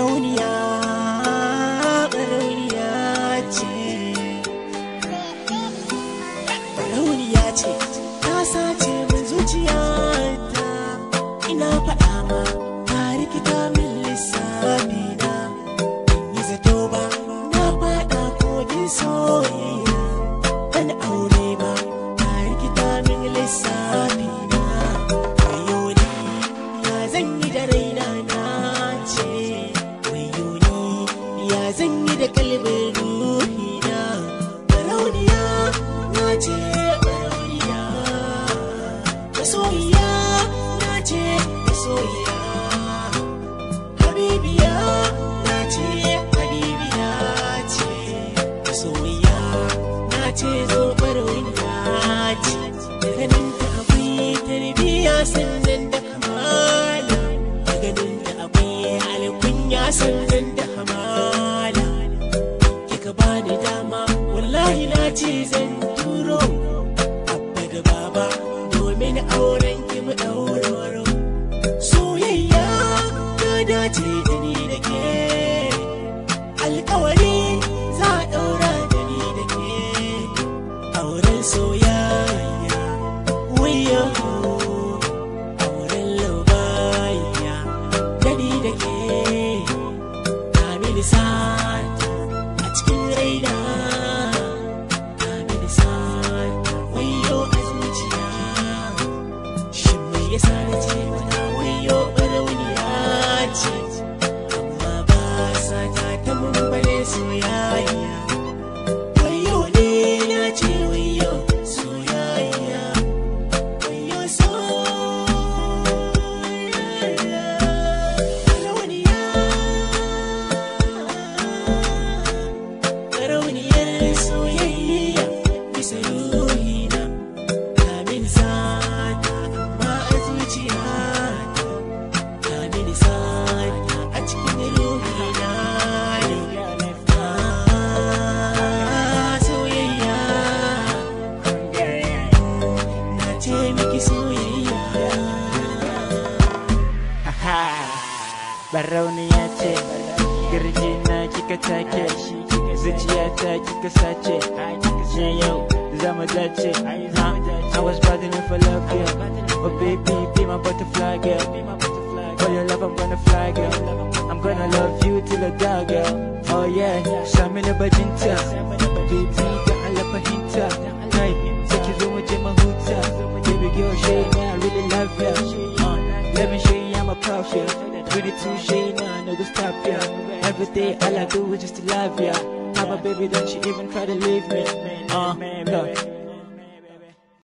rauniya barauniya ce barauniya ce ta sace ya zan yi da kalbin ruhina barauniya na ce barauniya masoyiya na ce masoyiya habibiya na ce habibiya ce masoyiya na ce zo barauniya ce daga nan ta akwai tarbiya sannan da kamala daga nan ta akwai alkunya sannan ce zan turo abba da baba domin auren ki mu ɗauroro soyayya ta dace da ni da ke alkawari za a ɗaura da ni da ke auren soyayya wuya auren laubaya da ni da ke ta mini sata a cikin raina Baroni ya ce Girji na kika take Zuciya zama I was battling for love girl Oh baby be my butterfly girl For oh, your love I'm gonna fly girl I'm gonna love you till I die girl Oh yeah Shamila bajinta Baby da Allah fahimta Kai sai mahuta Baby girl love uh, Let me show you i Pretty touche, nah, no go stop ya. Yeah. Every day all I do is just to love ya. Yeah. Have a baby, don't you even try to leave me. Uh, look.